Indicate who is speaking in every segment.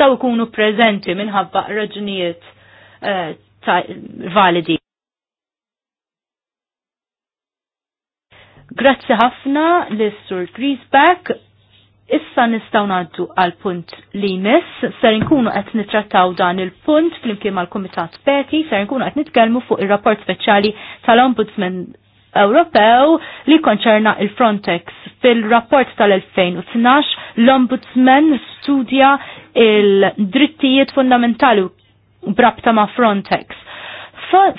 Speaker 1: jistaw ikunu prezenti minħabba raġunijiet eh, validi. Grazzi ħafna l-Sur Griesbeck. Issa nistaw naddu għal punt li mis, ser nkunu qed nitrattaw dan il-punt flimkien mal-Kumitat Peti, ser nkunu qed nitkellmu fuq ir-rapport speċjali tal-Ombudsman Ewropew li konċerna il-Frontex. Fil-rapport tal-2012 l-Ombudsman studja il-drittijiet fundamentali brabta ma' Frontex.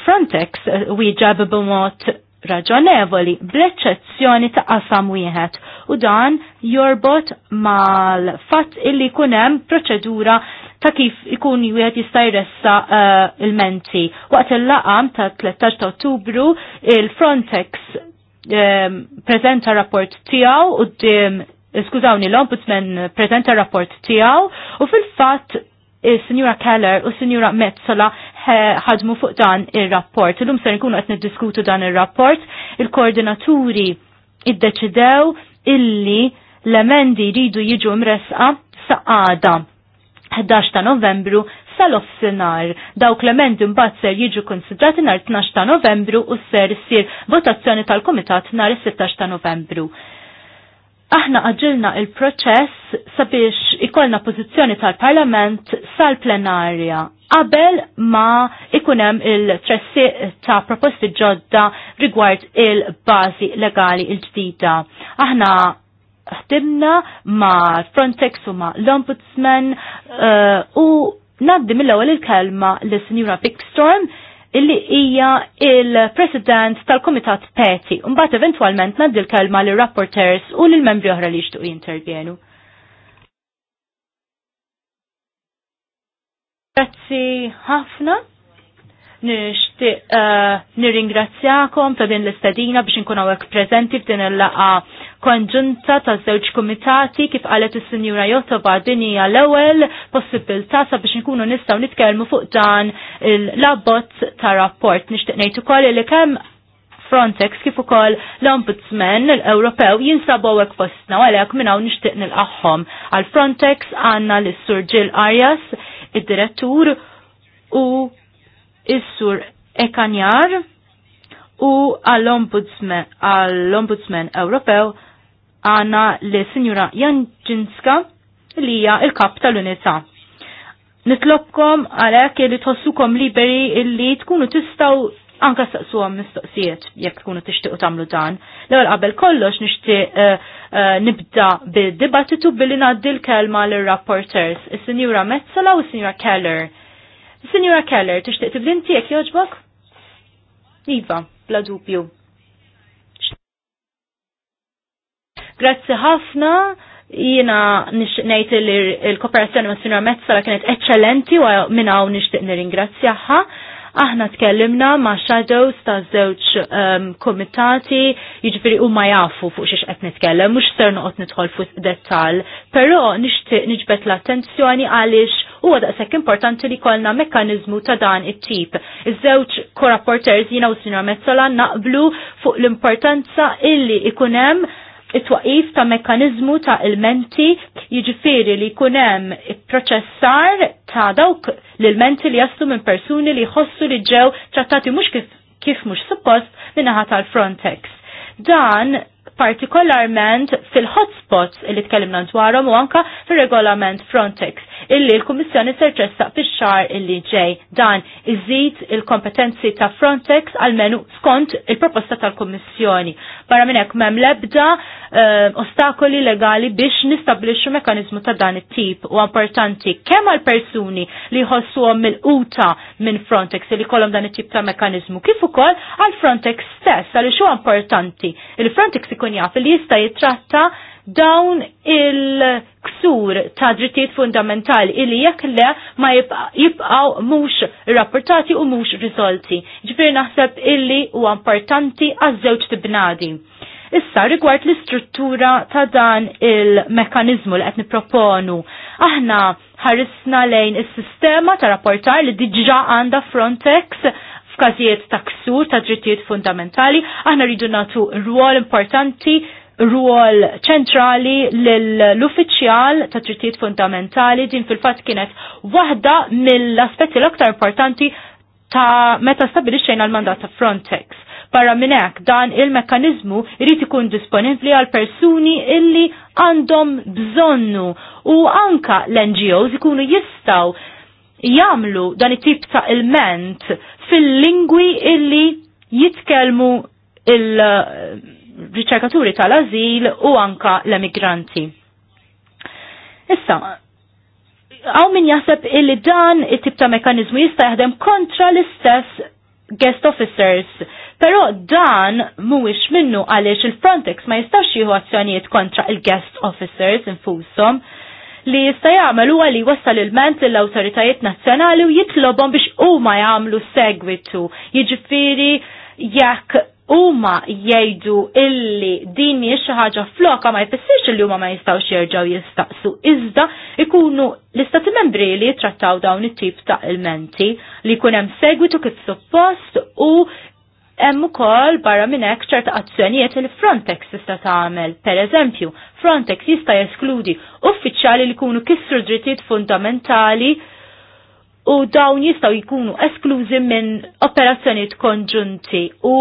Speaker 1: Frontex wieġab b'mod raġonevoli bl-eċċezzjoni ta' qasam wieħed u dan jorbot mal-fatt illi jkun hemm proċedura ta' kif ikun wieħed jista' jressa uh, il-menti. Waqt il-laqam ta' 13 ta' Ottubru il-Frontex um, prezenta rapport tiegħu u eh, skużawni l-Ombudsman prezenta rapport tiegħu u fil-fatt il-Sinjura Keller u Sinjura Metzola ħadmu fuq dan il-rapport. Illum ser nkunu qed niddiskutu dan il-rapport, il-koordinaturi iddeċidew illi l-emendi jridu jiġu mresqa saqada 11 ta' novembru sal-offsinar. Dawk l-emendi mbagħad ser jiġu konsidrati nhar 12 ta' novembru u ser issir votazzjoni tal-Kumitat nhar 16 ta' novembru aħna għagġilna il-proċess sabiex ikolna pozizjoni tal-Parlament sal-plenarja qabel ma ikunem il-tressi ta' proposti ġodda rigward il-bazi legali il-ġdida. Aħna ħdimna ma' Frontex u ma' l-Ombudsman uh, u naddim mill-ewwel il-kelma l-Sinjura Bigstorm illi hija il-President tal-Komitat Peti. Mbagħad eventwalment naddi l-kelma lir rapporters u lil membri oħra li jixtuq jintervjenu. Grazzi ħafna nishtiq eh, nirringrazzjakom ta' din l-istadina biex nkun għawek prezenti f'din il-laqa konġunta ta' żewġ kumitati kif qalet is-Sinjura Jotova din hija l-ewwel possibilità sabiex nkunu nistgħu nitkellmu fuq dan il labot ta' rapport. Nixtieq ngħid ukoll li kemm Frontex kif ukoll l-Ombudsman l-Ewropew jinsabu hekk fostna għalhekk u hawn nixtieq nilqaħħom. Għal Frontex għandna l-Sur Arias, id-direttur u is-sur Ekanjar u għall-Ombudsman Ewropew għana li sinjura Janġinska li hija il-kap tal-unità. Nitlobkom għalhekk li tħossukom liberi illi tkunu tistaw anka saqsuhom għam mistoqsijiet jekk tkunu tixtiequ tagħmlu dan. L-ewwel qabel kollox nixtieq eh, eh, nibda bid-dibattitu billi ngħaddi l-kelma lir rapporters is-Sinjura Metzala u s-Sinjura Keller Signora Keller, tixtieq tiblinti tiegħek jogħġbok? Iva, bla dubju. Grazzi ħafna jina ngħid il-kooperazzjoni ma' Signora Mezza la kienet eccellenti u minna hawn nixtieq nirringrazzjaha. Aħna tkellimna ma' shadows ta' żewġ um, ehm, komitati, jiġifieri huma jafu fuq xiex qed nitkellem, mhux ser noqgħod nidħol fuq dettall, però nixtieq niġbed l-attenzjoni għaliex huwa daqshekk importanti li kollna mekkaniżmu ta' dan it-tip. Iż-żewġ korapporters jiena u Sinjor Mezzola naqblu fuq l-importanza illi ikun hemm it-twaqif ta' mekanizmu ta' il-menti jiġifieri li jkun hemm proċessar ta' dawk l-menti li jaslu minn persuni li jħossu li ġew trattati mhux kif, kif mhux suppost minnaħat tal-Frontex. Dan partikolarment fil-hotspots li tkellimna dwarhom u anka fir-regolament Frontex illi l-Kummissjoni serċessa fi fix illi ġej. Dan iżid il-kompetenzi ta' Frontex għalmenu skont il-proposta tal-Kummissjoni. Barra minn hekk m'hemm lebda uh, ostakoli legali biex nistabbilixxu mekanizmu ta' dan it-tip u importanti kemm għal persuni li jħossuhom mill-quta minn Frontex li kolom dan it-tip ta' mekkaniżmu kif ukoll għal Frontex stess għaliex huwa importanti. Il-Frontex ikun jaf li jista' jitratta dawn il-ksur ta' drittijiet fundamentali illi jekk le ma jibqaw mhux rapportati u mhux risolti. Ġifier naħseb illi huwa importanti għaż-żewġ tibnadi. Issa rigward l-istruttura ta' dan il-mekanizmu li qed nipproponu. Aħna ħarisna lejn is-sistema ta' rapportar li diġà għandha Frontex f'każijiet ta' ksur ta' drittijiet fundamentali, aħna rridu nagħtu rwol importanti ruol ċentrali l-uffiċjal ta' trittijiet fundamentali din fil-fat kienet waħda mill-aspetti l-aktar importanti ta' meta stabilixxejna l-mandat ta' Frontex. Barra minn hekk dan il-mekkaniżmu jrid ikun disponibbli għal persuni illi għandhom bżonnu u anka l-NGOs ikunu jistaw jamlu dan it-tip ta' ilment fil-lingwi illi jitkelmu il- riċerkaturi tal-azil u anka l-emigranti. Issa, għaw min jaħseb illi dan it-tip ta' mekanizmu jista' jaħdem kontra l-istess guest officers. Pero dan mhuwiex minnu għaliex il-Frontex ma jistax jieħu azzjonijiet kontra il-guest officers infushom li jista' jagħmel huwa li wassal il-ment lill-awtoritajiet nazzjonali u jitlobhom biex huma jagħmlu segwitu. Jiġifieri jekk huma jgħidu illi din hija xi ħaġa floka ma jfissirx li huma ma jistgħux jerġgħu jistaqsu. Iżda ikunu l-istati membri li jittrattaw dawn it-tip ta' ilmenti li jkun hemm segwitu kif suppost u hemm ukoll barra minn hekk ċerta azzjonijiet li Frontex tista' tagħmel. Pereżempju, Frontex jista' jeskludi uffiċjali li jkunu kissru drittijiet fundamentali u dawn jistaw jkunu esklużi minn operazzjoniet konġunti u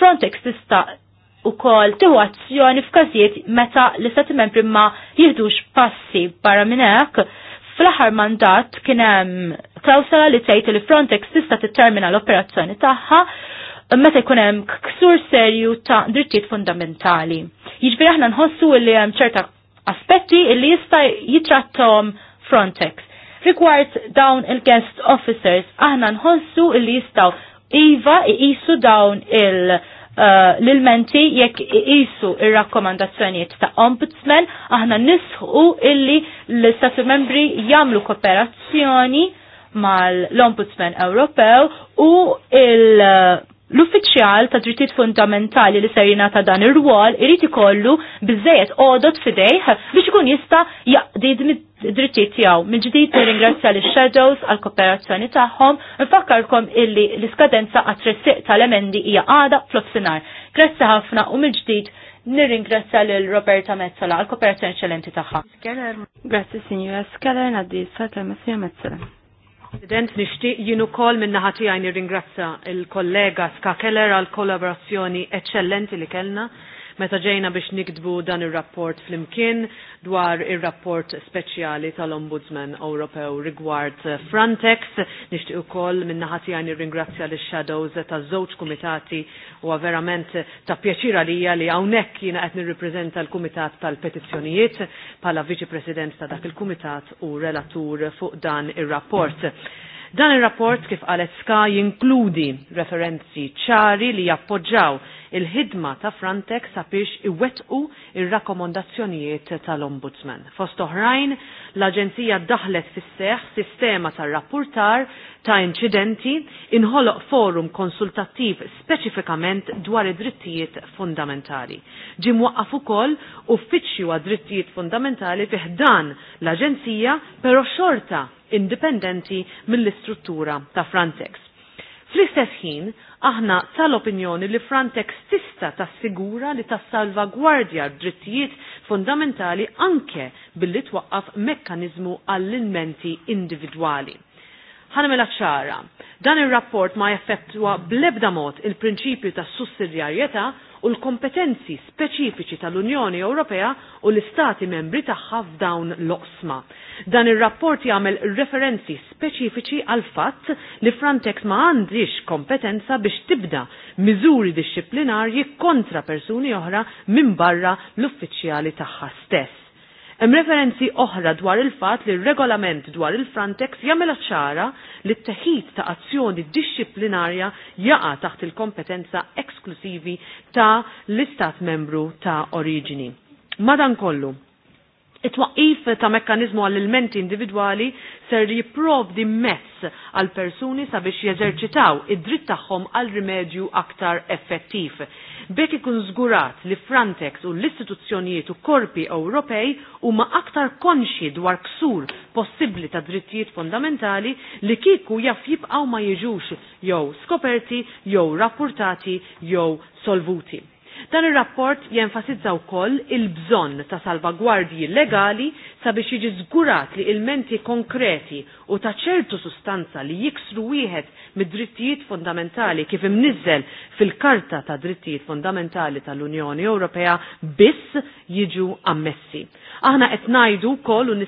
Speaker 1: Frontex tista' u kol tiħu azzjoni f'każijiet meta l-istati membri ma jihdux passi barra minn hekk fl-aħħar mandat kien hemm li tgħid li Frontex tista' tittermina l-operazzjoni tagħha meta jkun hemm ksur serju ta' drittijiet fundamentali. Jiġifieri aħna nħossu li hemm ċerta aspetti li jista' jitrattom Frontex. Rigward dawn il-guest officers, aħna nħossu li jistgħu iva jisu dawn il- uh, l-ilmenti jekk jisu il rakkomandazzjonijiet ta' ombudsman, aħna nisħu illi l-Stati membri jagħmlu kooperazzjoni mal-Ombudsman Ewropew u uh, l-uffiċjal ta' drittijiet fundamentali li ser ta' dan ir-rwol irid ikollu biżejjed għodot fidejh biex ikun jista' jaqdid mit- drittijiet tiegħu. Mill-ġdid nirringrazzja lix shadows għal kooperazzjoni tagħhom, nfakkarkom illi l-iskadenza għat tal-emendi hija għada fl-offsinar. Grazzi ħafna u mill-ġdid nirringrazzja lil Roberta Mezzola għal kooperazzjoni eċċellenti tagħha. Grazzi Sinjura Skeller ngħaddi s-satel Messija Mezzola. President, nishtiq jinu kol minna ħati għajni ringrazza
Speaker 2: il-kollega Ska Keller għal kollaborazzjoni eccellenti li kellna meta ġejna biex nikdbu dan ir-rapport flimkien dwar ir-rapport speċjali tal-Ombudsman Ewropew rigward Frontex. Nixtieq ukoll minna ħati għani ringrazzja shadows ta' żewġ kumitati u verament ta' pjaċira għalija li hawnhekk jiena qed nirrippreżenta l-Kumitat tal-Petizzjonijiet bħala Viċi President ta' dak il-Kumitat u relatur fuq dan ir-rapport. Dan ir-rapport kif qalet Ska jinkludi referenzi ċari li jappoġġaw il-ħidma ta' Frontex sabiex iwettqu ir-rakkomandazzjonijiet tal-Ombudsman. Fost oħrajn, l-Aġenzija daħlet fis-seħ sistema tar-rapportar ta' inċidenti inħoloq forum konsultattiv speċifikament dwar id-drittijiet fundamentali. Ġim waqqaf ukoll uffiċċju għad drittijiet fundamentali fih dan l-Aġenzija pero xorta indipendenti mill-istruttura ta' Frontex. Fl-istess ħin, Aħna tal-opinjoni li Frontex tista tassigura li tassalvagwardja drittijiet fundamentali anke billi twaqqaf mekkanizmu għall-inmenti individwali. Ħanamela ċara, dan ir rapport ma jaffettwa blebda mod il-prinċipju tas sussidjarjetà u l-kompetenzi speċifiċi tal-Unjoni Ewropea u l-Istati membri tagħha f'dawn l-oqsma. Dan ir-rapport jagħmel referenzi speċifiċi għal fatt li Frontex ma għandix kompetenza biex tibda miżuri dixxiplinarji kontra persuni oħra minn barra l-uffiċjali tagħha stess. Hemm referenzi oħra dwar il-fatt li r-regolament dwar il-Frontex jagħmel ċara li t-teħid ta' azzjoni dixxiplinarja jaqa' taħt il-kompetenza eksklusivi ta' l-Istat membru ta' oriġini. Madankollu, It-twaqif ta' mekkanizmu għall-elementi individuali ser di mezz għal persuni sabiex jeżerċitaw id-dritt tagħhom għal rimedju aktar effettiv. Bekk ikun żgurat li Frontex u l-istituzzjonijiet u korpi Ewropej huma aktar konxi dwar ksur possibbli ta' drittijiet fondamentali li kieku jaf jibqgħu ma jiġux jew skoperti jew rapportati jew solvuti. Dan ir-rapport jenfasizza wkoll il-bżonn ta' salvagwardji legali sabiex jiġi żgurat li ilmenti konkreti u ta' ċertu sustanza li jiksru wieħed mid-drittijiet fundamentali kif imniżżel fil-Karta ta' Drittijiet Fundamentali tal-Unjoni Ewropea biss jiġu ammessi. Aħna qed ngħidu wkoll u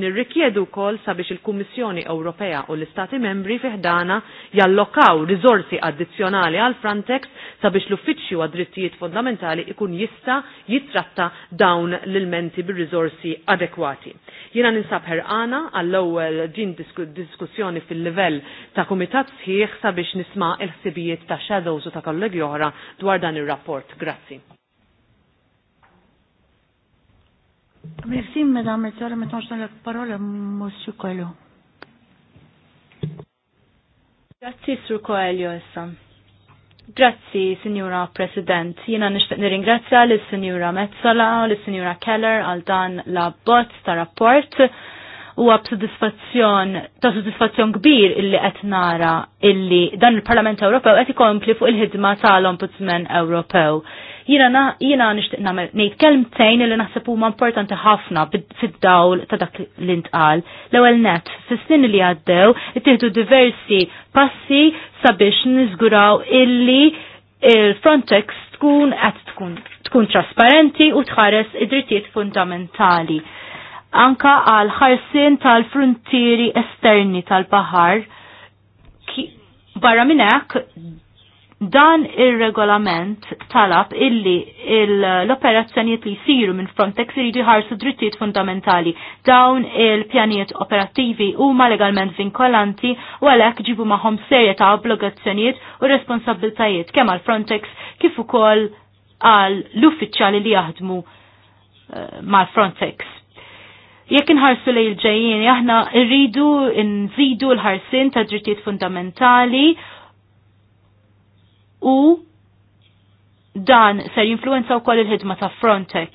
Speaker 2: nirrikjedu wkoll sabiex il-Kummissjoni Ewropea u l-Istati Membri fiħdana jallokaw riżorsi addizzjonali għal Frontex sabiex l-uffiċċju għad drittijiet drittijiet fondamentali ikun jista jitratta dawn l-ilmenti bir rizorsi adekwati. Jiena ninsab ħerqana għall-ewwel ġin diskussjoni fil-livell ta' kumitat sħiħ sabiex nisma' il-ħsibijiet ta' shadows u ta' kollegi oħra dwar dan ir-rapport. Grazzi.
Speaker 3: Merci, Madame Metzora. Maintenant, je donne la parole à Monsieur
Speaker 1: Coelho. Grazie, Sur Coelho, essa. Grazzi, Signora President. Jina nishtaq nirringrazzja l sinjura Mezzola l sinjura Keller għal dan la bot ta' rapport u għab soddisfazzjon, ta' soddisfazzjon kbir illi qed nara illi dan il-Parlament Ewropew qed ikompli fuq il-ħidma tal-Ombudsman Ewropew. Jiena jiena nixtieq nagħmel ngħid kelmtejn li naħseb huma importanti ħafna fid-dawl ta' dak li ntqal. L-ewwel net, fis-snin li għaddew ittieħdu diversi passi sabiex niżguraw illi il-Frontex tkun qed tkun tkun trasparenti u tħares id-drittijiet fundamentali. Anka għal ħarsin tal-frontieri esterni tal-bahar barra minnek Dan ir-regolament talab illi l-operazzjonijiet li jsiru minn Frontex iridu jħarsu drittijiet fundamentali. Dawn il-pjanijiet operattivi huma legalment vinkolanti u għalhekk ġibu magħhom serje ta' obbligazzjonijiet u responsabiltajiet kemm għal Frontex kif ukoll għal l-uffiċjali li jaħdmu eh, mal Frontex. Jekk inħarsu lej il-ġejjien, aħna rridu nżidu l-ħarsin ta' drittijiet fundamentali u dan ser jinfluenza wkoll il-ħidma ta' Frontex.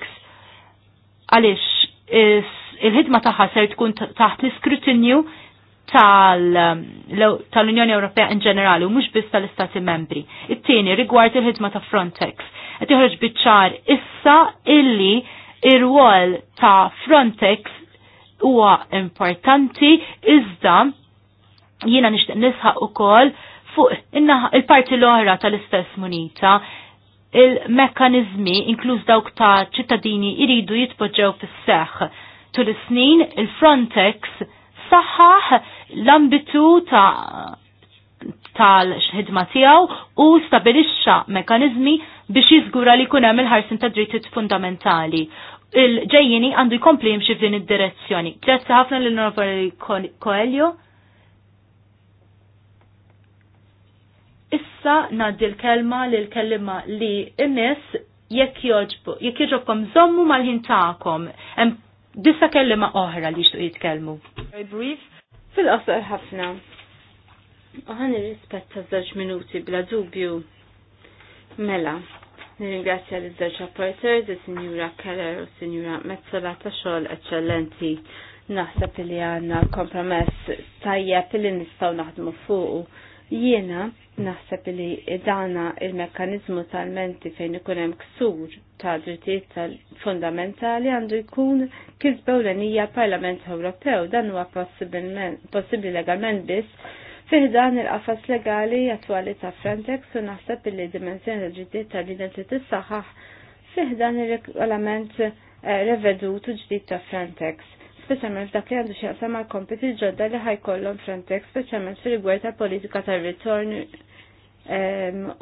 Speaker 1: Għaliex il-ħidma tagħha ser tkun taħt l-iskrutinju tal-Unjoni Ewropea in ġenerali u mhux biss tal-Istati membri. It-tieni rigward il-ħidma ta' Frontex. Qed joħroġ biċ-ċar issa illi ir-rwol ta' Frontex huwa importanti iżda jiena nixtieq nisħaq ukoll fuq il-parti l-oħra tal-istess munita il-mekkanizmi inkluż dawk ta' ċittadini iridu jitpoġġew fis seħ Tul is-snin il-Frontex saħħaħ l-ambitu ta' tal-ħidma tiegħu u stabilixxa mekanizmi biex jiżgura li jkun hemm il-ħarsin ta' drittijiet fundamentali. Il-ġejjini għandu jkompli jimxi f'din id-direzzjoni. Grazzi ħafna l-Onorevoli Coelho. issa naddi l-kelma li l-kellima li n jekk joġbu, jekk joġobkom zommu mal-ħin ta'kom, dissa kellima oħra li xtuq jitkellmu.
Speaker 4: Fil-qosor ħafna. Uħan ir-rispetta żewġ minuti bla dubju. Mela, nirringrazzja l żewġ rapporters, di sinjura Keller u Sinjura Mezzola ta' xogħol eċċellenti. Naħseb li għandna kompromess tajjeb li nistaw naħdmu fuq Jiena naħseb li dana il-mekkanizmu tal-menti fejn ikun hemm ksur ta' drittijiet tal-fundamentali għandu jkun kisbew l-enija Parlament Ewropew dan huwa possibbli legalment biss dan il-qafas legali attwali ta' Frontex u naħseb li dimensjoni tal-ġdid tal-identità saħaħ dan il-regolament eh, revedut u ġdid ta' Frontex speċjalment f'dak li għandu xieqsa ma' kompiti ġodda li ħajkollhom Frontex speċjalment fil-rigward ta' politika tar ritorn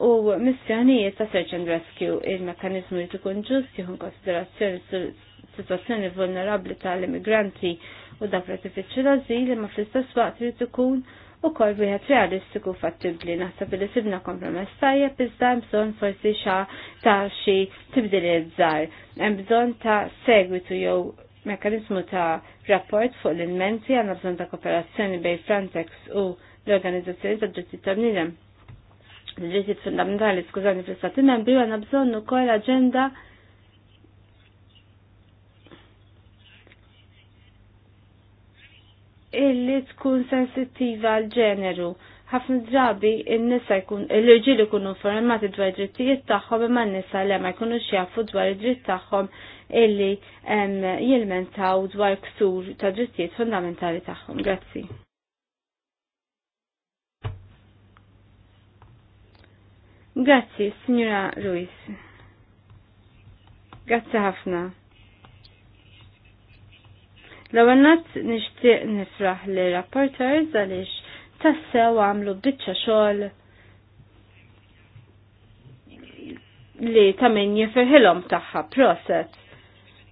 Speaker 4: u missjonijiet ta' search and rescue il-mekkanizmu li tkun ġust jieħu konsiderazzjoni situazzjoni vulnerabbli tal-immigranti u dak li tiffiċċju l azil imma fl-istess waqt li tkun u kol wieħed realistiku fattibli naħseb li sibna kompromess tajjeb iżda hemm bżonn forsi xa ta' xi tibdiliet żgħar. Hemm bżonn ta' segwitu jew mekanizmu ta' rapport fuq l-inmenti għanna bżon ta' kooperazzjoni bej Frontex u l-organizzazzjoni ta' drittijiet tal-nidem. Drittijiet fundamentali, skużani, fl istati membri għanna bżon u kol agenda illi tkun sensittiva għal ġeneru ħafna drabi n-nisa jkun, l-irġiel ikunu informati dwar id-drittijiet tagħhom imma n-nisa li ma jkunux jafu dwar id-dritt tagħhom illi jilmentaw dwar ksur ta' drittijiet fundamentali tagħhom. Grazzi. Grazzi, signora Ruiz. Grazzi ħafna. L-għannat nishtiq nifraħ li rapporters għalix tassew għamlu bitċa xogħol li ta' min jifirħilhom tagħha proset.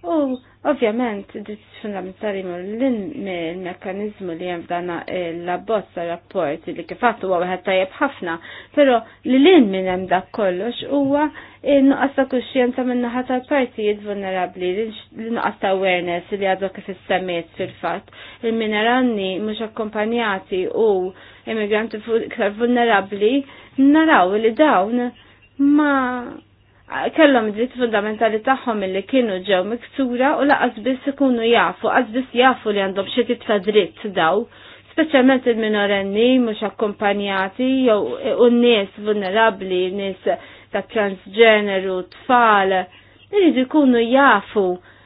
Speaker 4: U Ovvjament, dit fundamentali l il-mekanizmu li jem dana eh, l-abbozza rapport li kifat huwa wieħed tajjeb ħafna, pero li l-in minn hemm dak kollox huwa eh, nuqqas ta' kuxjenza minn naħa tal-partijiet vulnerabbli, li nuqqas ta' awareness li għadu kif issemmiet fil-fatt, il-mineranni mhux akkompanjati u immigranti iktar vulnerabbli, naraw li dawn ma' kellhom dritt fundamentali tagħhom illi kienu ġew miksura u laqas biss ikunu jafu, qas biss jafu li għandhom xi tip ta' dritt daw, speċjalment il-minorenni mhux akkumpanjati jew u n-nies vulnerabbli, nies ta' transgeneru, tfal, irridu jkunu jafu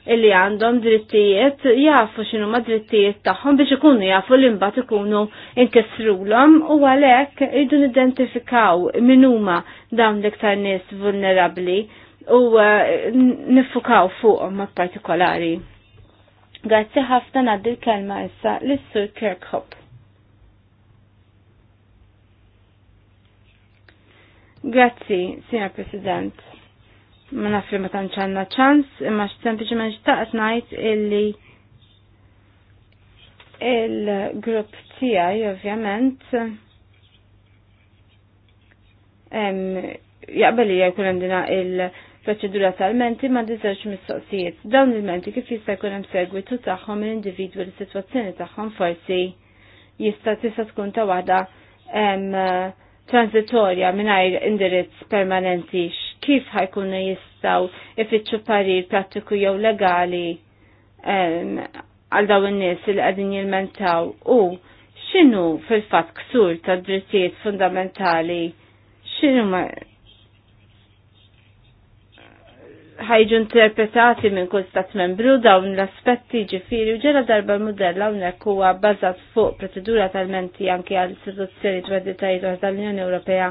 Speaker 4: illi għandhom drittijiet jafu xinu ma drittijiet tagħhom biex ikunu jafu li mbagħad ikunu inkisrulhom u għalhekk irridu nidentifikaw min huma dawn l-iktar nies vulnerabbli u eh, nifukaw fuqhom ma partikolari. Grazzi ħafna għaddi l-kelma issa lis-Sur Kirkhop. Grazzi, Signor President ma nafri ma tanċanna ċans, imma sempliciment xtaqt najt illi il-grupp tijaj, ovvjament, jaqbel li jkun għandina il-proċedura tal-menti ma dizerx mis-soqsijiet. Dawn il-menti kif jista' jkun hemm segwitu tagħhom l-individwu li sitwazzjoni tagħhom forsi jista' tista' tkun ta' waħda transitorja mingħajr indirizz permanentix kif ħajkunu jistaw ifittxu parir prattiku jew legali għal daw in-nies il qegħdin jilmentaw u x'inhu fil-fatt ksur ta' drittijiet fundamentali ma' ħajġu interpretati minn kull stat membru dawn l-aspetti ġifiri u ġera darba l-modella unnek huwa bbażat fuq procedura tal-menti anke għal istituzzjoni dwar tal-Unjoni Ewropea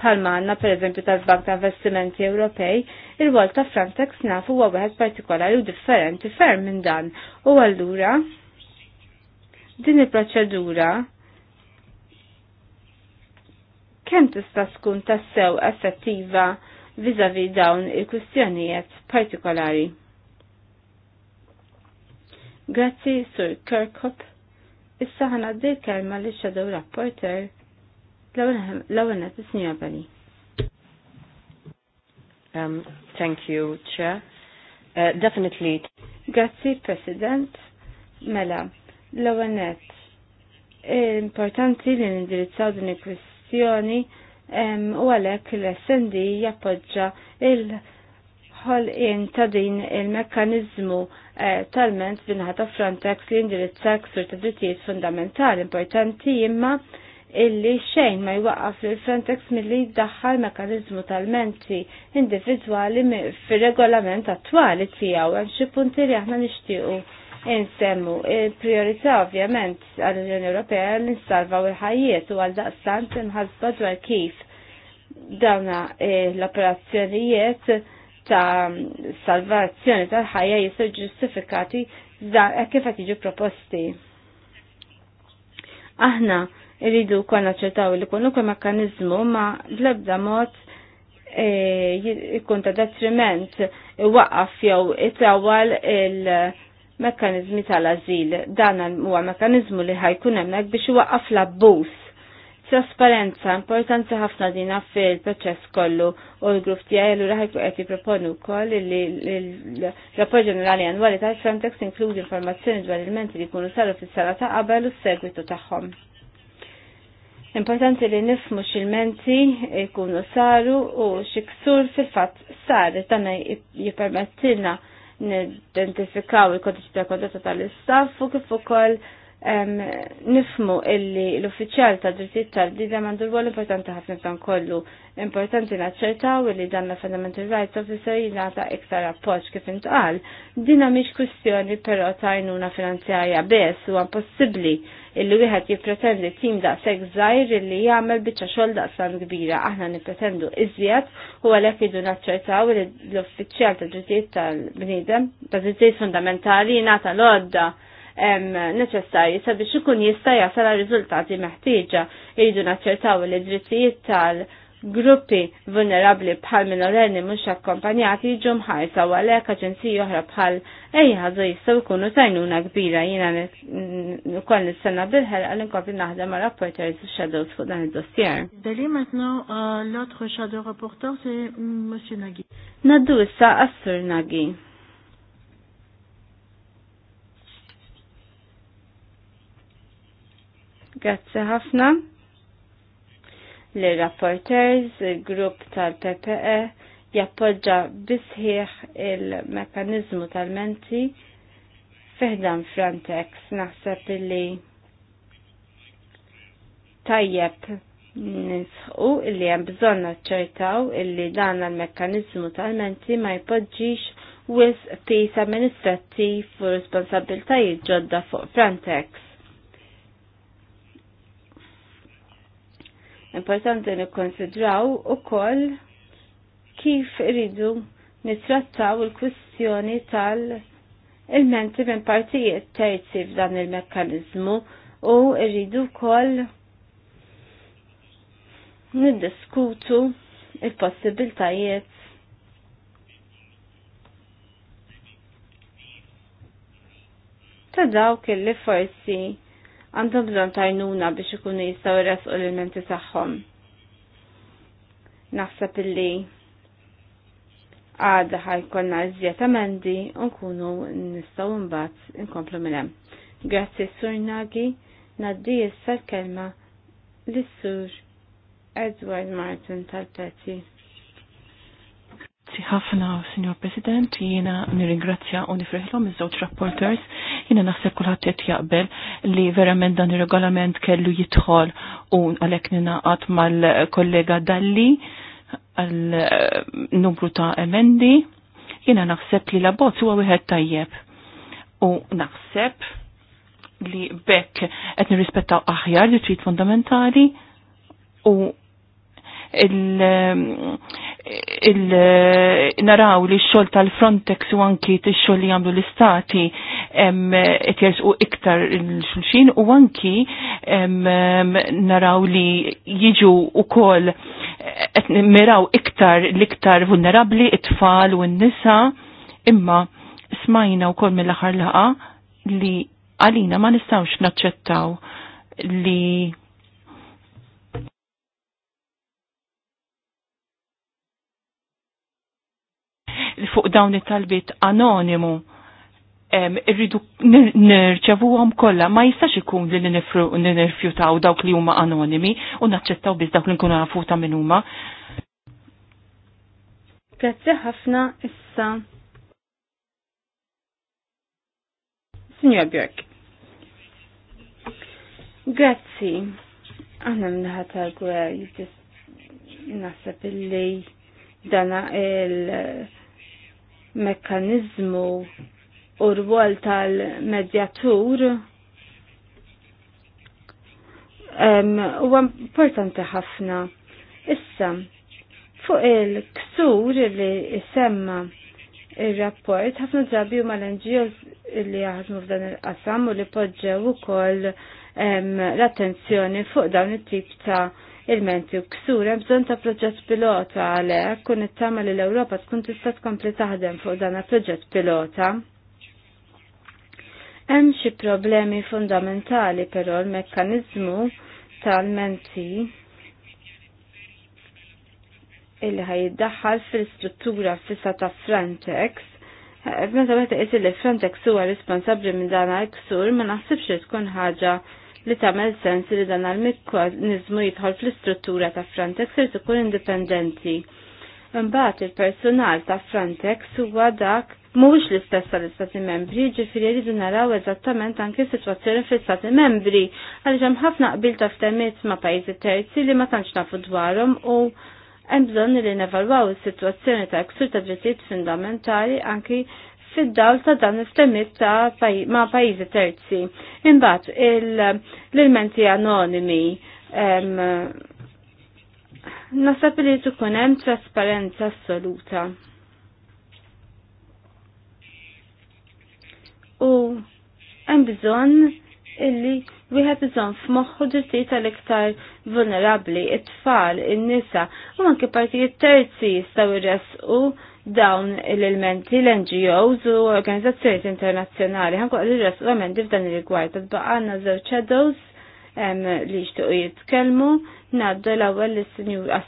Speaker 4: bħal għandna pereżempju tal-Bank ta' Investimenti Ewropej, il-wol ta' Frontex naf huwa wieħed partikolari u differenti ferm minn dan. U allura din il-proċedura kemm tista' tkun tassew effettiva vizavi dawn il-kustjonijiet partikolari. Grazzi Sur Kirkhop, issa ħana d kelma li Shadow Rapporter l-għawenet s bali. Um, thank you, Chair. Uh, definitely. Grazzi, President. Mela, l-għawenet importanti li nindirizzaw din il-kwistjoni u għalhekk l-SND jappoġġa il- ħolqien ta' din il-mekkanizmu eh, tal-ment ta' Frontex li indirizza ksur ta' drittijiet fundamentali importanti imma illi xejn ma jwaqqaf li Frontex milli jiddaħħal mekkanizmu tal-menti individwali fir-regolament attwali tiegħu hemm xi punti li aħna nixtiequ insemmu. Il-priorità ovvjament għall-Unjoni Ewropea li u il-ħajjiet u għal daqstant imħasba dwar kif dawna eh, l-operazzjonijiet ta' salvazzjoni tal-ħajja jistgħu ġustifikati eh, kif qed jiġu proposti. Aħna rridu kon naċċettaw li kun ukoll mekkaniżmu ma bl-ebda mod eh, ikun ta' detriment waqaf jew itawal il- mekkanizmi tal-azil. Dan huwa mekkanizmu li ħajkun hemmhekk biex iwaqqaf l-abbuż. Trasparenza importanti ħafna dina fil-proċess kollu u l-grupp tiegħi l raħi qed jipproponu wkoll li l-rapport ġenerali annwali tal-Frontex inkludi informazzjoni dwar il-menti li jkunu saru fis sara ta' qabel u s-segwitu tagħhom. Importanti li nifmu xil-menti jkunu saru u xiksur fil-fatt sar dan jippermettilna nidentifikaw il-kodiċi ta' kondotta tal-istaff u kif ukoll nifmu illi l-uffiċjal ta' drittijiet tal-bdida mandu l importanti ħafna dan kollu. Importanti naċċertaw illi dan la Fundamental Rights Officer jingħata iktar appoġġ kif intqal. Dina mhix kwistjoni però ta' għajnuna finanzjarja biss huwa impossibbli illi wieħed jippretendi tim daqshekk żgħir illi jagħmel biċċa xogħol daqsan kbira. Aħna nippretendu iżjed u għalhekk idu naċċertaw li l-uffiċjal tad drittijiet tal-bniedem, ta' drittijiet fundamentali jingħata l-għodda neċessarji sabiex ikun jista' jasal riżultati meħtieġa jridu naċċertaw li d-drittijiet tal-bniedem gruppi vulnerabli bħal minorenni mhux akkompanjati jiġu mħajsa u għalhekk aġenziji oħra bħal ejħadu jistgħu jkunu tajnuna kbira jiena ukoll nistenna bil-ħelqa li nkompli naħdem ma' rapporters u shadows fuq dan id-dossier.
Speaker 1: Dali maintenant euh, l-autre shadow rapporteur se mm, Monsieur Nagi.
Speaker 4: Naddu issa Assur Nagi. Grazie ħafna li rapporters il-grupp tal-PPE jappoġġa bisħiħ il-mekanizmu tal-menti fiħdan Frontex naħseb li tajjeb nisħu illi hemm bżonn naċċertaw illi dan l-mekkaniżmu tal-menti ma jpoġġix wis pis amministrattiv u responsabiltajiet ġodda fuq Frontex. Importanti nikkonsidraw ukoll kif iridu nitrattaw il-kwistjoni tal- il-menti minn partijiet terzi f'dan il-mekkanizmu u rridu wkoll niddiskutu il-possibiltajiet ta' dawk li forsi għandhom bżonn tajnuna biex ikunu jistgħu jresqu l-menti tagħhom. Naħseb illi għada ħajkonna iżjed emendi u nkunu nistgħu mbagħad inkomplu minnem. hemm. s Sur Nagi, naddi issa l-kelma l sur Edward Martin tal-Peti.
Speaker 3: Grazzi ħafna, Signor President, jiena nirringrazzja u nifriħlom iż-żewġ rapporters, jiena naħseb kulħadd qed jaqbel li verament dan ir-regolament kellu jidħol u għalhekk ninaqat mal-kollega Dalli għal eh, numru ta' emendi, jiena naħseb li l-abbozz huwa wieħed tajjeb. U naħseb li bekk qed nirrispettaw aħjar li trid fundamentali u il-naraw li xol tal-Frontex u anki t-xol li għamlu l-istati jers u iktar l-xulxin u anki naraw li jiġu u kol miraw iktar l-iktar vulnerabli it-tfal u n-nisa imma smajna u kol mill-axar laqa li għalina ma nistawx naċċettaw li fuq dawn it-talbiet anonimu irridu nirċevuhom kollha ma jistax ikun li nirfjutaw dawk li huma anonimi u naċċettaw biss dawk li nkunu għafu ta' minn huma.
Speaker 4: Grazzi ħafna issa.
Speaker 3: Signor Björk.
Speaker 4: Grazzi. Aħna minnaħat tal-gwer, naħseb li dana il- mekkanizmu u rwol tal-medjatur huwa importanti ħafna. Issa, fuq il-ksur li jisemma il-rapport, ħafna drabi u mal ngos li jaħdmu f'dan il-qasam u li poġġew ukoll l-attenzjoni fuq dawn it-tip ta' il-menti u ksur hemm bżonn ta' proġett pilota għalhekk kun ittama li l-Ewropa tkun tista' tkompli taħdem fuq dan proġett pilota. Hemm xi problemi fundamentali però l-mekkaniżmu tal-menti il ħajiddaħħal fil-struttura fissa ta' Frontex. Eh, meta meta qis li Frontex huwa responsabbli minn dan għal ksur ma naħsibx li tkun ħaġa li tagħmel sens li dan għal-mikkonizmu jidħol fl-istruttura ta' Frontex irid ikun indipendenti. Imbagħad il-personal ta' Frontex huwa dak mhuwiex l-istess tal-Istati Membri, ġifieri jridu naraw eżattament anke sitwazzjoni fl-Istati Membri għaliex hemm ħafna qbil ta' ftemiet ma' pajjiżi terzi li ma tantx nafu dwarhom u hemm bżonn li nevalwaw is-sitwazzjoni ta' ksur ta' drittijiet fundamentali anki fid-dawl ta' dan il ta' ma' pajizi terzi. Imbat, l-ilmenti anonimi, nasab li tukunem hemm trasparenza assoluta. U hemm bżonn illi wieħed bżonn f'moħħu drittijiet tal-iktar vulnerabbli, it-tfal, in-nisa, u anke partijiet terzi jistgħu jressqu dawn l-elementi l-NGOs u organizzazzjoniet internazzjonali. Ħanku għalli l-resolamenti f'dan il-rigward, għadbaqanna zewċ shadows li xtuq jitkelmu, naddu l-ewwel l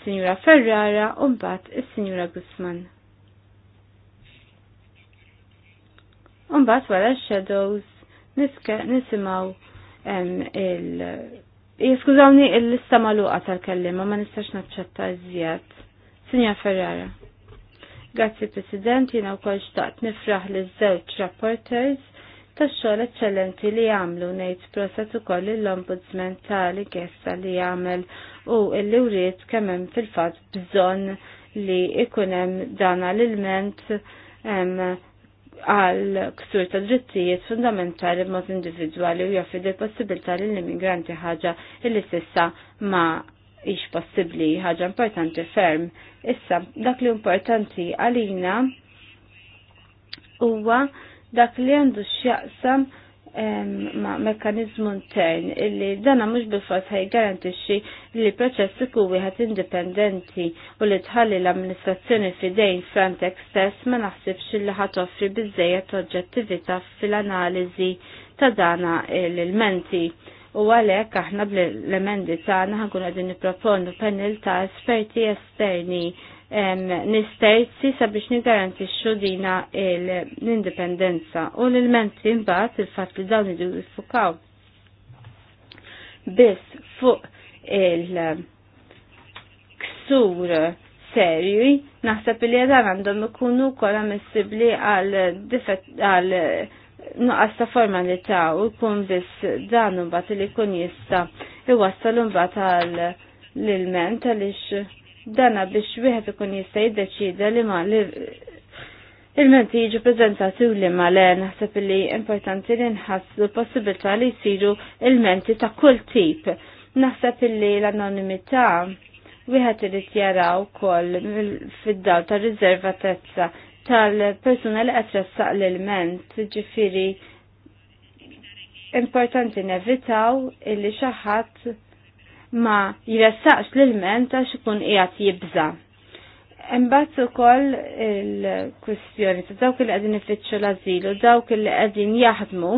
Speaker 4: sinjura Ferrara u mbagħad is-Sinjura Guzman. U mbagħad wara x-shadows nisimgħu il- Jiskużawni eh, il-lista maluqa tal-kellima, ma nistax naċċetta iżjed. Sinja Ferrara. Grazzi President, jina u kol xtaqt nifraħ li żewġ rapporters ta' xogħol eċċellenti li għamlu ngħid proset ukoll l-Ombudsman li gessa li jagħmel u illi uriet kemm hemm fil-fatt bżonn li ikun hemm dan l-ilment għal ksur ta' drittijiet fundamentali b'mod individwali u jaffi il possibilità li l-immigranti ħaġa li sissa ma' ix possibli ħaġa importanti ferm. Issa, dak li importanti għalina huwa dak li għandu x'jaqsam ma' mekanizmu intern illi dana mhux bil-fors ħajgarantixxi li proċess iku wieħed indipendenti u li tħalli l-amministrazzjoni fidejn Frontex stess ma naħsibx li ħad toffri biżejjed oġġettività fil-analiżi ta' dana l-menti. Il u għalhekk aħna bl-emendi tagħna ħankun għadin nipproponu panel ta' esperti esterni nisterzi sabiex nigaranti xudina l-indipendenza u l-elementi mbagħad il-fatt li dawn idu jiffukaw biss fuq il-ksur serju naħseb li għadan għandhom ikunu kol missibli għal nuqqas ta' formalità u jkun biss dan imbagħad li jkun jista' iwassal imbagħad għal l-ilment għaliex dana biex wieħed ikun jista' jiddeċida li ma li il jiġu prezentati u li mal-en naħseb li importanti li nħassu l-possibilità li jisiru il-menti ta' kull tip. Naħseb li l-anonimità wieħed irid jaraw ukoll fid-daw ta' riservatezza tal-persuna li qed ressaq l-ilment, ġifiri importanti nevitaw illi xi ħadd ma jressaqx l-ilment għax ikun qiegħed jibża. Imbagħad ukoll il-kwistjoni ta' dawk li qegħdin ifittxu l azilu dawk il qegħdin jaħdmu,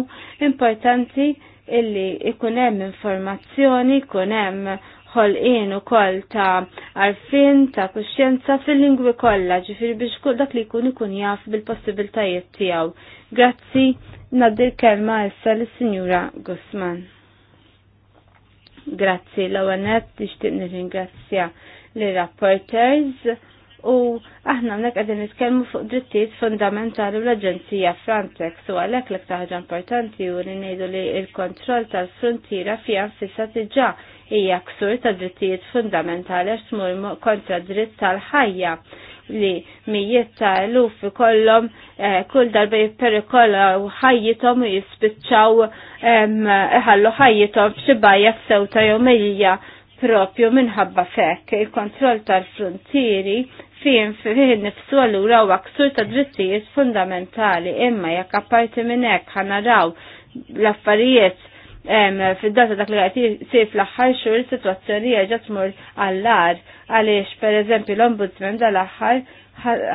Speaker 4: importanti illi ikun hemm informazzjoni, ikun hemm ħolqien ukoll ta' arfin ta' kuxjenza fil-lingwi kollha ġifieri biex kull dak li jkun ikun jaf bil-possibiltajiet tiegħu. Grazzi ngħaddi l-kelma issa lis-Sinjura Gusman. Grazzi l-ewwel nixtieq nirringrazzja lir-rapporters u aħna nek għedin nitkellmu fuq drittijiet fundamentali u l-Aġenzija Frontex u għalhekk l-iktar importanti u li ngħidu li l-kontroll tal-frontiera fija nfissa tiġà hija ksur ta' drittijiet fundamentali għax mur kontra dritt tal-ħajja li mijiet ta' eluf kollom eh, kull darba jipperikolla u ħajjitom u jispiċċaw ħallu ħajjitom f'xibajja f'sewta jomija propju minħabba fekk il-kontroll tal-frontieri fin fih nifsu allura u ksur ta' drittijiet fundamentali imma jekk apparti minn hekk ħanaraw l-affarijiet fid-data dak li għajt sir fl-axħar xur situazzjoni għagġat tmur għallar għaliex per eżempju l-ombudsman dal-axħar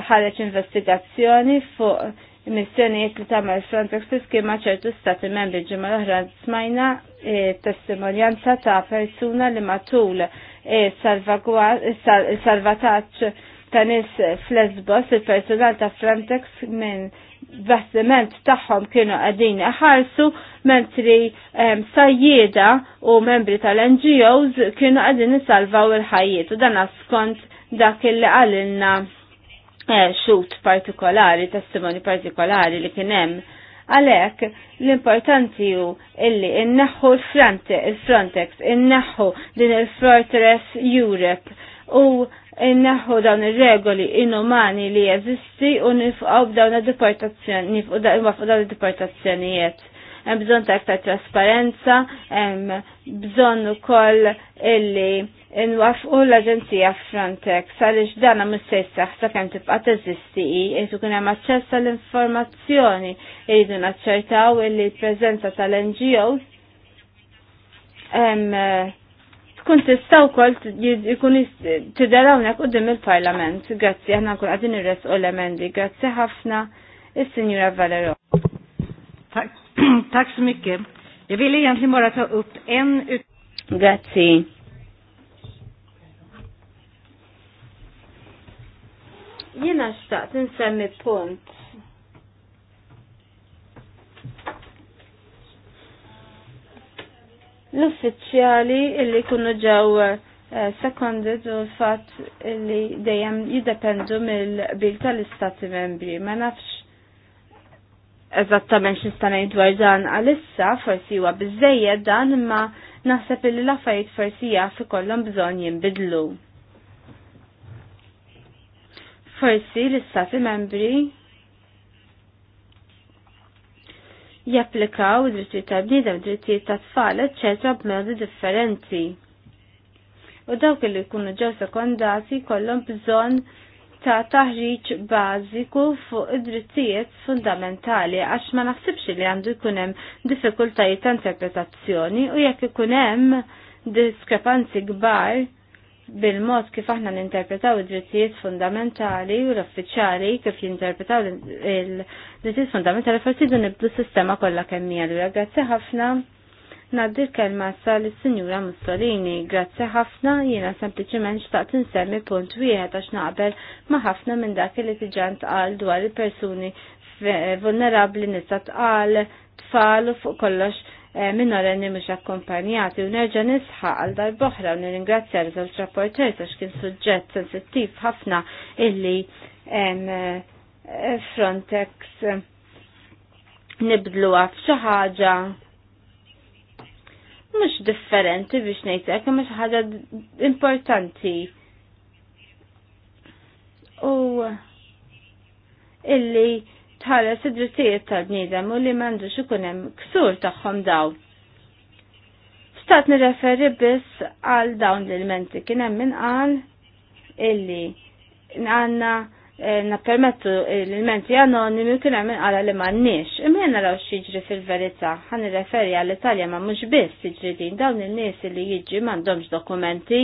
Speaker 4: ħareċ investigazzjoni fuq missjonijiet li tamar Frontex tiskima ċertu stati membri ġimma l-oħra smajna eh, testimonjanza ta' persuna li matul eh, salvataċ ta' nis fl esbos il-personal ta' Frontex minn vestiment tagħhom kienu qegħdin iħarsu mentri sajjeda u membri tal-NGOs kienu qegħdin isalvaw il ħajiet u dan skont dak li għalinna eh, xut partikolari, testimoni partikolari li kien hemm. Għalek, l-importanti ju illi inneħu l-Frontex, inneħu din il-Fortress Europe u inneħu dawn ir-regoli inumani li jeżisti u nifqaw b'dawn id-deportazzjoni, nifqaw dawn il deportazzjonijiet Hemm bżonn ta' aktar trasparenza, hemm bżonn ukoll illi nwafqu l-Aġenzija Frontex għaliex dan mhux se jseħħ sakemm tibqa' teżisti irid ikun hemm aċċess għall-informazzjoni jridu naċċertaw illi l-preżenza tal-NGOs tkun tista' kol jikun tidher hawnhekk qudiem il-Parlament. Grazzi aħna nkun qegħdin irres u l-emendi. għazzi ħafna il sinjura
Speaker 1: Valero. Tack så mycket. Jag ville egentligen bara ta upp en
Speaker 4: Grazzi. Jiena xtaqt insemmi punt l-uffiċjali illi kunu ġew eh, seconded u l-fatt illi dejjem jiddependu mill-bil tal-istati membri. Ma nafx eżattament x'nista' ngħid dwar dan għalissa, forsi huwa biżejjed dan imma naħseb illi l-affarijiet forsi jaf ikollhom bżonn jinbidlu. Forsi l-istati membri japplikaw drittijiet ta' bniedem, drittijiet ta' tfal, eċċetra b'modi differenti. U dawk li jkunu ġew sekondati kollhom bżonn ta' taħriġ bażiku fuq id-drittijiet fundamentali għax ma naħsibx li għandu jkun hemm diffikultajiet ta' interpretazzjoni u jekk ikun hemm diskrepanzi kbar bil-mod kif aħna ninterpretaw id-drittijiet fundamentali u l-uffiċjali kif jinterpretaw il-drittijiet fundamentali forsi dun nibdu sistema kollha kemm hija lura. Grazzi ħafna. Naddi l-kelma sal sinjura Mussolini. Grazzi ħafna jiena sempliċiment xtaqt insemmi punt wieħed għax naqbel ma' ħafna minn dak li tiġant ntqal dwar il-persuni vulnerabbli nisa tqal tfal u fuq kollox Eh, minorenni mux akkompanjati u nerġa' nisħaq għal boħra u nirringrazzja riżult rapporter għax kien suġġett sensittiv ħafna illi eh, Frontex eh, nibdluha għaf xaħġa mhux differenti biex ngħidlek imma ħaġa importanti. U illi tħares id-drittijiet tal-bniedem u li m'għandux ikun hemm ksur tagħhom daw. Stat nirreferi biss għal dawn l-elementi kien hemm min qal illi għandna eh, nappermettu l-menti anonimi kien hemm inqara li m'għandniex. Imma raw x'jiġri fil-verità, ħan irreferi għall-Italja ma mhux biss jiġri din dawn in-nies li jiġi m'għandhomx dokumenti,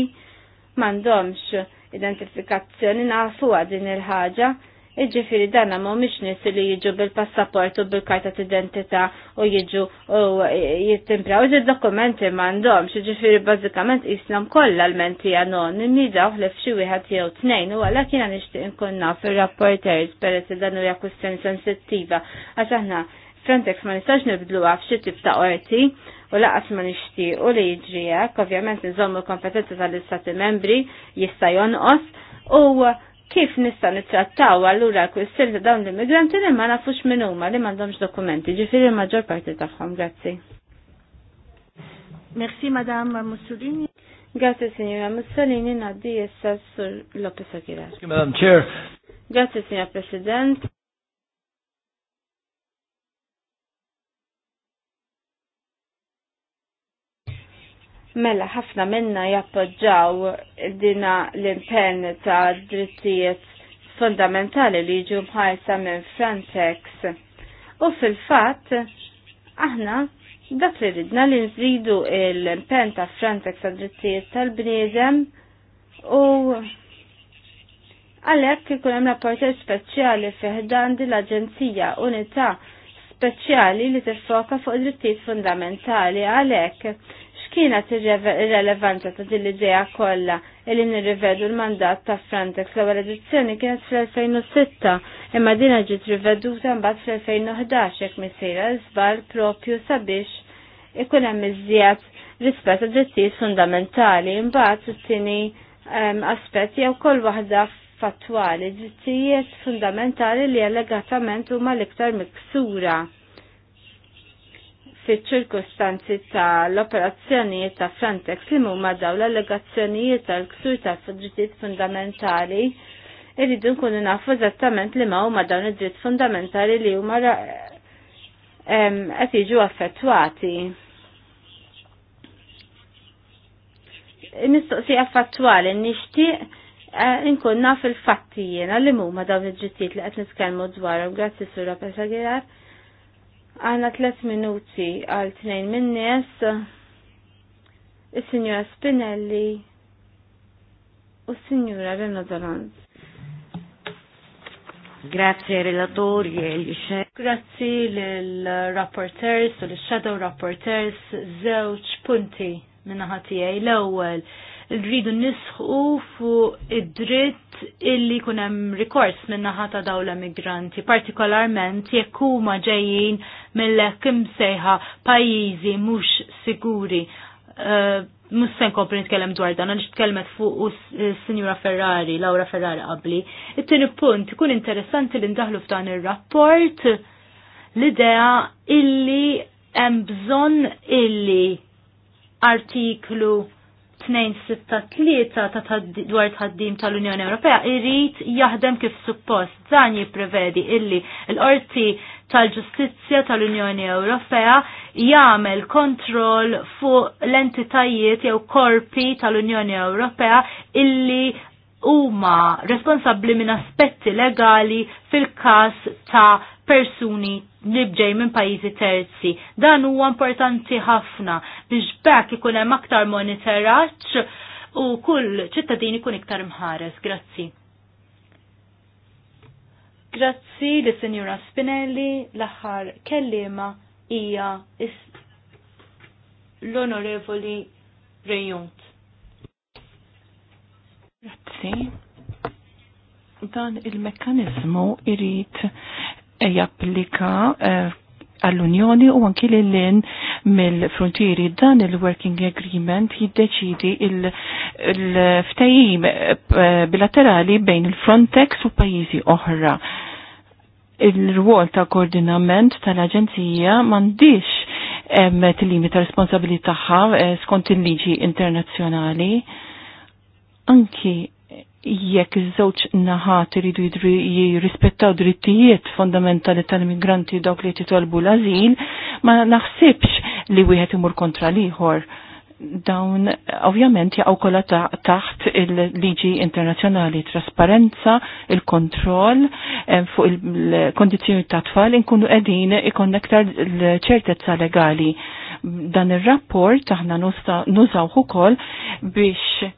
Speaker 4: m'għandhomx identifikazzjoni nafuha din il-ħaġa, Iġifiri danna ma mhumiex nissi li jiġu bil-passaport u bil-karta t identita u jiġu jittimpraw. Iġi dokumenti m'għandhomx, iġifiri bażikament islam kollha l-menti anonimi daw li f'xi wieħed jew tnejn u għalhekk jiena nixtieq inkun naf rapporters per li dan huwa kwistjoni sensittiva għax aħna Frontex ma nistax nibdlu għaf xie tip ta' orti u laqas ma nishti u li jġrijak, ovvjament nżommu kompetenza tal-istati membri jista' jonqos u kif nistgħu nittrattaw allura l ta' dawn l-immigranti li ma nafux minn huma li m'għandhomx dokumenti, ġifieri l-maġġor parti tagħhom, grazzi. Merci Madame Mussolini. Grazie Signora Mussolini, Nadia Sassur Lopez Aguilar. Grazie Madame Chair. Grazie Signora President. Mela, ħafna minna jappoġġaw dina l-impenn ta' drittijiet fundamentali li ġu mħajsa minn Frontex. U fil-fat, aħna dak li ridna li nżidu l-impenn ta' Frontex ta' drittijiet tal-bniedem u għalhekk ikun hemm rapporter speċjali fiħdan din l-Aġenzija Unità speċjali li tiffoka fuq drittijiet fundamentali għalhekk x'kienet ir-relevanza ta' din l-idea kollha li nirrivedu l-mandat ta' Frontex l-ewwel edizzjoni kienet fl-2006 imma din ġiet riveduta mbagħad fl-2011 jekk missiera żball propju sabiex ikun hemm iżjed rispett għad-drittijiet fundamentali imbagħad it-tieni ehm, aspett jew kol waħda fattwali, drittijiet fundamentali li allegatament huma l-iktar miksura fiċ-ċirkustanzi ta l operazzjonijiet ta' Frontex li huma daw l-allegazzjonijiet tal-ksur tal-drittijiet fundamentali irridu nkunu nafu eżattament li ma huma dawn id-dritt fundamentali li huma qed jiġu affettwati. Mistoqsija fattwali nixtieq eh, nkun naf il-fatti jiena li huma dawn id-drittijiet li qed nitkellmu dwarhom. Grazzi Sura Pesagirar. Għanna tlet minuti għal 2 minnes, il-Signora Spinelli u il-Signora Renna Zalanz.
Speaker 1: Grazie ai relatori e agli scelti. Grazie l rapporteurs u l-shadow rapporters, zewċ punti minna ħatijaj l-ewel rridu nisħu fuq id-dritt illi kunem rikors minnaħa ta' daw l-immigranti, partikolarment jekk huma ġejjin mill-ek imsejħa pajjiżi mhux siguri. Uh, mus sen kompri nitkellem dwar dan, għanġi tkellmet fuq s-Sinjura eh, Ferrari, Laura Ferrari qabli. It-tieni punt, ikun interessanti li ndaħlu f'dan ir-rapport l-idea illi hemm bżonn illi artiklu 263 ta' dwar tħaddim tal-Unjoni Ewropea irrid jaħdem kif suppost. Dan jipprevedi illi l-Qorti tal-Ġustizzja tal-Unjoni Ewropea jagħmel kontroll fuq l-entitajiet jew korpi tal-Unjoni Ewropea illi huma responsabbli minn aspetti legali fil-każ ta' persuni li bġej minn pajjiżi terzi. Dan huwa importanti ħafna biex bekk ikun hemm aktar monitoraġġ u kull ċittadin ikun iktar mħares. Grazzi. Grazzi li Sinjura Spinelli l-aħħar kellima hija l-Onorevoli
Speaker 3: Rejunt. Grazzi. Dan il-mekkanizmu irrit eh, japplika eh, għall-Unjoni u anki l lin mill-frontieri dan il-Working Agreement jiddeċidi il-ftajim eh, bilaterali bejn il-Frontex u pajizi oħra. Il-rwol ta' koordinament tal-Aġenzija mandiġ tilimi ta' responsabilitaħħa skont il-liġi internazzjonali anki jekk iż-żewġ naħat iridu jirrispettaw drittijiet fondamentali tal-immigranti dawk li titolbu l-azil, ma naħsibx li wieħed imur kontra liħor. Dawn ovvjament jaqgħu kollha taħt il-liġi internazzjonali trasparenza, il-kontroll fuq il-kondizzjoni ta' tfal inkunu qegħdin ikon aktar l-ċertezza legali. Dan ir-rapport aħna nużawh ukoll biex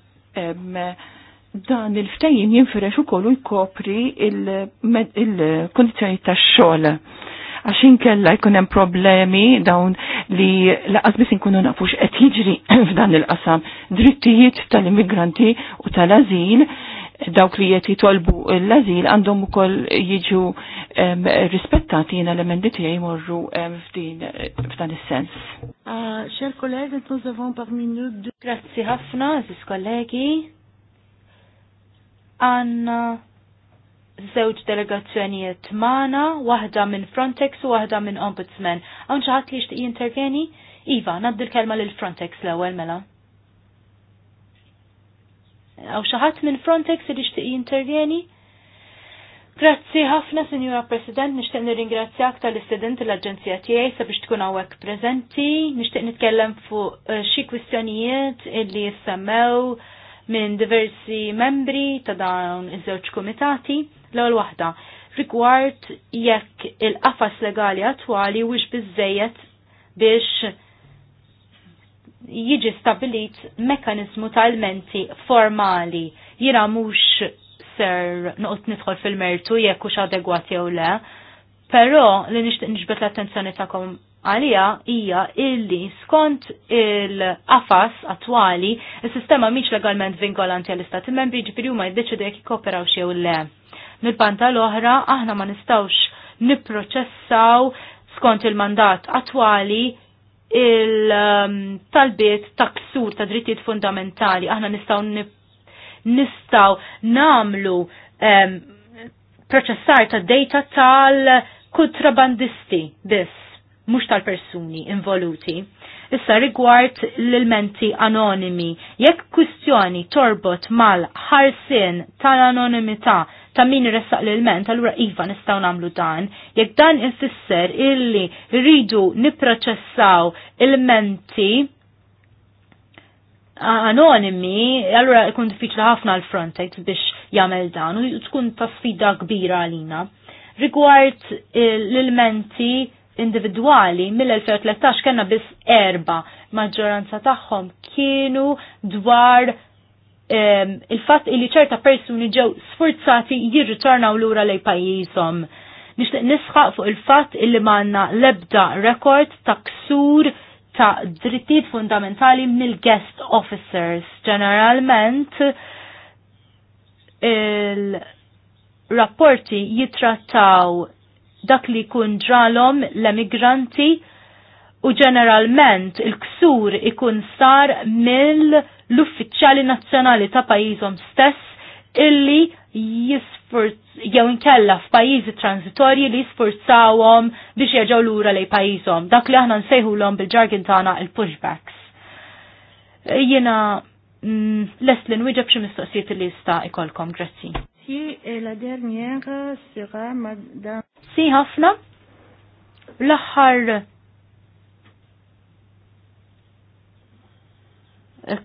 Speaker 3: dan il ftajin jinfirex ukoll jkopri il-kondizzjoni il kondizjoni il tax xogħol Għax inkella jkun hemm problemi dawn li laqas bis inkunu nafux qed jiġri f'dan il-qasam drittijiet tal-immigranti u tal azil dawk li qed jitolbu l azil għandhom ukoll jiġu rispettati jena l-emendi tiegħi jmorru f'din f'dan il sens ah, Cher kollega, nous avons parmi nous Grazzi ħafna, zis kollegi. Għanna
Speaker 1: zewġ delegazzjonijiet magħna, wahda minn Frontex u wahda minn Ombudsman. Għan xaħat li jixtieq jintervjeni? Iva, naddir kelma lil Frontex l-ewwel mela għaw xaħat minn Frontex li xtiq jintervjeni? Grazzi ħafna, Sinjura President, nixtieq nirringrazzjak tal-istudent l-Aġenzija tiegħi sabiex tkun hawnhekk preżenti, nixtieq nitkellem fuq eh, xi kwistjonijiet li jissemmew minn diversi membri ta' dawn iż-żewġ kumitati. L-ewwel waħda rigward jekk il-qafas legali attwali wiex biżejjed biex jiġi stabilit mekkaniżmu tal-menti formali. Jira mhux ser nuqt nidħol fil-mertu jekk hux adegwat jew le, però li nixtieq niġbed l-attenzjoni tagħkom għalija hija illi skont il-qafas attwali is-sistema mhix legalment vinkolanti għall-istati membri ġifieri huma jiddeċidu jekk ikkoperaw jew le. mill banta l-oħra aħna ma nistgħux nipproċessaw skont il-mandat attwali il-talbiet um, ta' ksur ta' drittijiet fundamentali. Aħna nistgħu nip nistaw namlu um, proċessar ta' data tal-kontrabandisti biss, mux tal-persuni involuti. Issa rigward l-elementi anonimi, jekk kwistjoni torbot mal-ħarsin tal-anonimità ta' min ressaq l-ilment, allura iva nistaw namlu dan, jekk dan infisser illi rridu niproċessaw il-menti anonimi, allura jkun diffiċli ħafna l-Frontex biex jagħmel dan u tkun ta' sfida kbira għalina. Rigward l-elementi individwali mill-2013 kena biss erba maġġoranza tagħhom kienu dwar um, il-fatt li ċerta persuni ġew sforzati jirritornaw lura lej pajjiżhom. Nixtieq nisħaq fuq il-fatt illi manna lebda rekord ta' ksur ta' drittijiet fundamentali mill-guest officers. Ġeneralment il-rapporti jitrattaw dak li kun ġralom l-emigranti u ġeneralment il-ksur ikun sar mill l-uffiċjali nazzjonali ta' pajjiżhom stess illi jisfurt jew inkella f'pajjiżi transitorji li sforzawhom biex jerġgħu lura lejn pajjiżhom. Dak li aħna nsejħulhom bil-ġargin tagħna il-pushbacks. Jiena mm, lest li nwieġeb xi mistoqsijiet li jista' ikolkom, grazzi. Si e la dernière sera madame. Si ħafna. L-aħħar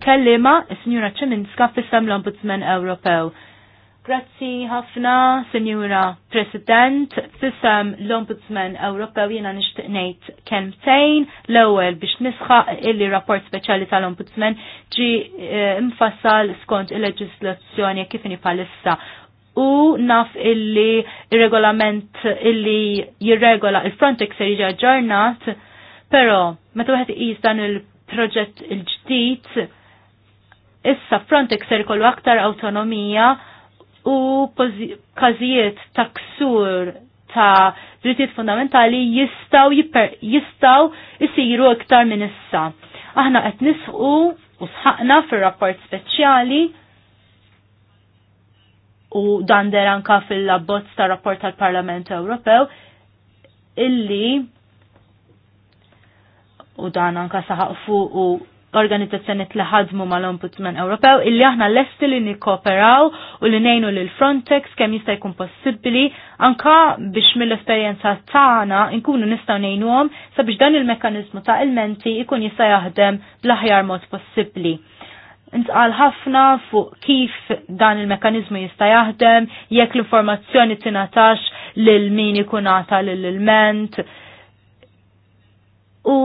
Speaker 1: kellima s-Njura Ċeminska fissam l-Ombudsman Ewropew. Grazzi ħafna, Senjura President, fissam l-Ombudsman Ewropew jena nishtiqnejt ngħid kemtejn l-ewwel biex nisħaq illi rapport speċjali tal-Ombudsman ġi mfassal eh, skont il-leġislazzjoni kif palissa u naf illi il-regolament illi jirregola il-Frontex se jiġi aġġornat, però meta wieħed iqis dan il-proġett il-ġdid, issa Frontex ser aktar autonomija u każijiet ta' ksur ta' drittijiet fundamentali jistaw jistaw jisiru iktar minn issa. Aħna qed nisħu u sħaqna fir-rapport speċjali u dan der anka fil labbozz ta' rapport tal-Parlament Ewropew illi u dan anka saħaq fuq u organizzazzjoni li ħadmu mal-Ombudsman Ewropew illi aħna lesti li nikkooperaw u li nejnu lil Frontex kemm jista' jkun possibbli anka biex mill-esperjenza tagħna nkunu nistgħu ngħinuhom sabiex dan il-mekkaniżmu ta' ilmenti jkun jista' jaħdem bl-aħjar mod possibbli. Ntqal ħafna fuq kif dan il-mekkaniżmu jista' jaħdem, jekk l-informazzjoni tingħatax lil min ikun lil ilment u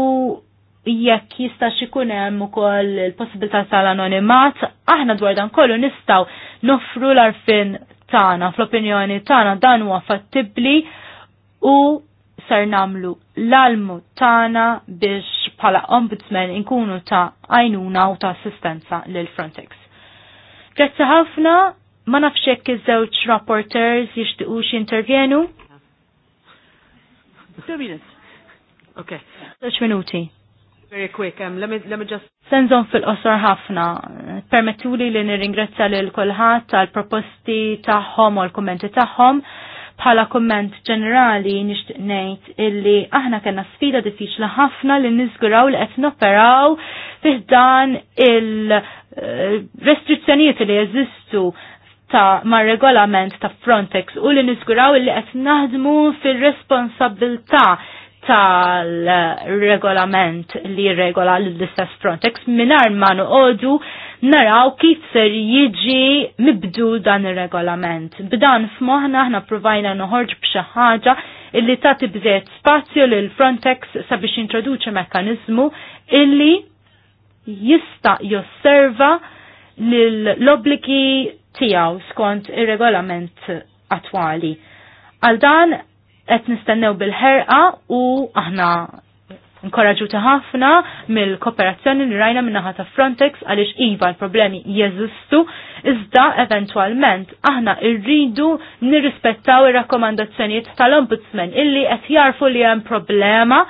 Speaker 1: jekk jistax ikun hemm ukoll il-possibilità tal-anonimat, aħna dwar dan kollu nistgħu nofru l-arfin tagħna fl-opinjoni tagħna dan huwa fattibbli u sar namlu l-almu tagħna biex bħala ombudsman inkunu ta' għajnuna u ta' assistenza lil Frontex. Grazzi ħafna, ma nafx hekk iż-żewġ rapporters jixtiequ jintervjenu. Two minutes. Okay. Żewġ minuti.
Speaker 2: Very quick, um, let, me, let me just...
Speaker 1: Senżon fil-qosor ħafna. Permettuli li nirringrazzja lil kulħadd tal-proposti tagħhom u l-kummenti tagħhom. Bħala komment ġenerali nixtieq ngħid illi aħna kellna sfida diffiċli ħafna li nizguraw li qed noperaw fih dan il-restrizzjonijiet li jeżistu ta' ma' regolament ta' Frontex u li nizguraw li qed naħdmu fir-responsabilità tal-regolament li regola l-istess Frontex minar ma noqogħdu naraw kif ser jiġi mibdu dan ir-regolament. B'dan f'moħħna aħna provajna noħorġ b'xi ħaġa illi tagħti bżejjed spazju lil Frontex sabiex introduċi mekkaniżmu illi jista' josserva l-obbligi tiegħu skont ir-regolament attwali. Għal dan qed nistennew bil-ħerqa u aħna nkoraġu ħafna mill-kooperazzjoni li rajna minnaħa ta' Frontex għaliex iva l-problemi jeżistu, iżda eventualment aħna irridu nirrispettaw ir-rakkomandazzjonijiet tal-Ombudsman illi qed jarfu li hemm problema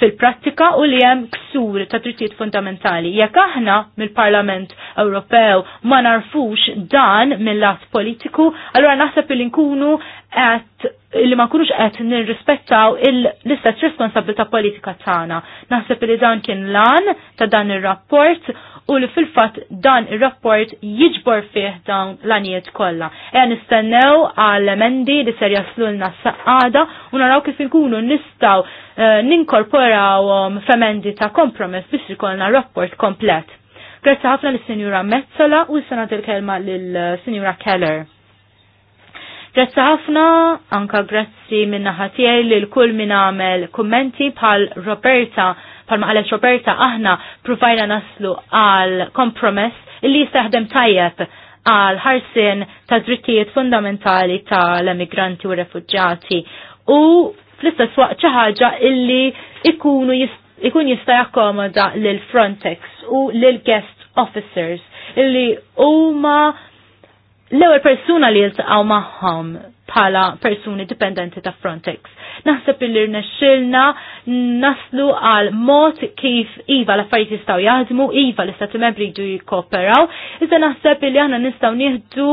Speaker 1: fil-prattika u li hemm ksur ta' drittijiet fundamentali. Jekk aħna mill-Parlament Ewropew ma narfux dan mill-lat politiku, allura naħseb li nkunu qed li ma kunux qed nirrispettaw l-istess responsabilità politika tagħna. Naħseb li dan kien lan ta' dan ir-rapport u li fil-fatt dan ir-rapport jiġbor fih dawn l-anijiet kollha. Eja nistennew għal emendi li ser jaslulna s-saqada u naraw kif inkunu nistgħu eh, ninkorporawhom f'emendi ta' kompromess biex ikollna rapport komplet. Grazzi ħafna lis-Sinjura Mezzola u s-sanat il-kelma lill-Sinjura Keller. Grazzi ħafna, anka grazzi minna ħatijaj li l-kull minn għamel kommenti bħal Roberta, pal maħalet Roberta, aħna provajna naslu għal kompromess illi jistaħdem tajjeb għal ħarsin ta' drittijiet fundamentali tal-emigranti u refugġati u fl-istess waqt xi ħaġa illi ikunu ikun jista' jakkomoda lil Frontex u lil guest officers illi huma l-ewwel persuna li jiltaqgħu magħhom bħala persuni dipendenti ta' Frontex. Naħseb illi rnexxilna naslu għal mod kif iva l-affarijiet jistgħu jaħdmu, iva l-istati membri jdu jikkooperaw, iżda naħseb illi aħna nistgħu nieħdu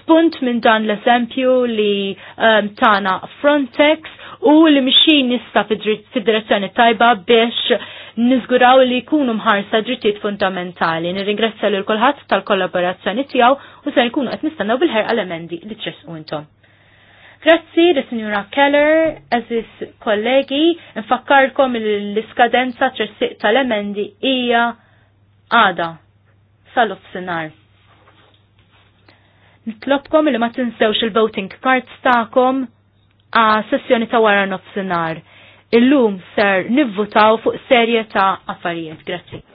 Speaker 1: spunt minn dan l-eżempju li um, ehm, tana Frontex u li mxin nista fid-direzzjoni tajba biex nizguraw li jkunu mħarsa drittijiet fundamentali. Nirringrazzja l kulħadd tal-kollaborazzjoni tiegħu u se jkunu qed nistennew bil-ħerqa l-emendi li tresqu intom. Grazzi li Signora Keller, eżis kollegi, nfakkarkom l-iskadenza ċersiq tal-emendi hija għada sal-of sinar. Nitlobkom li ma tinsewx il-voting cards ta'kom għa sessjoni ta' wara nofsinar. Illum ser nivvutaw fuq serje ta' affarijiet. Grazzi.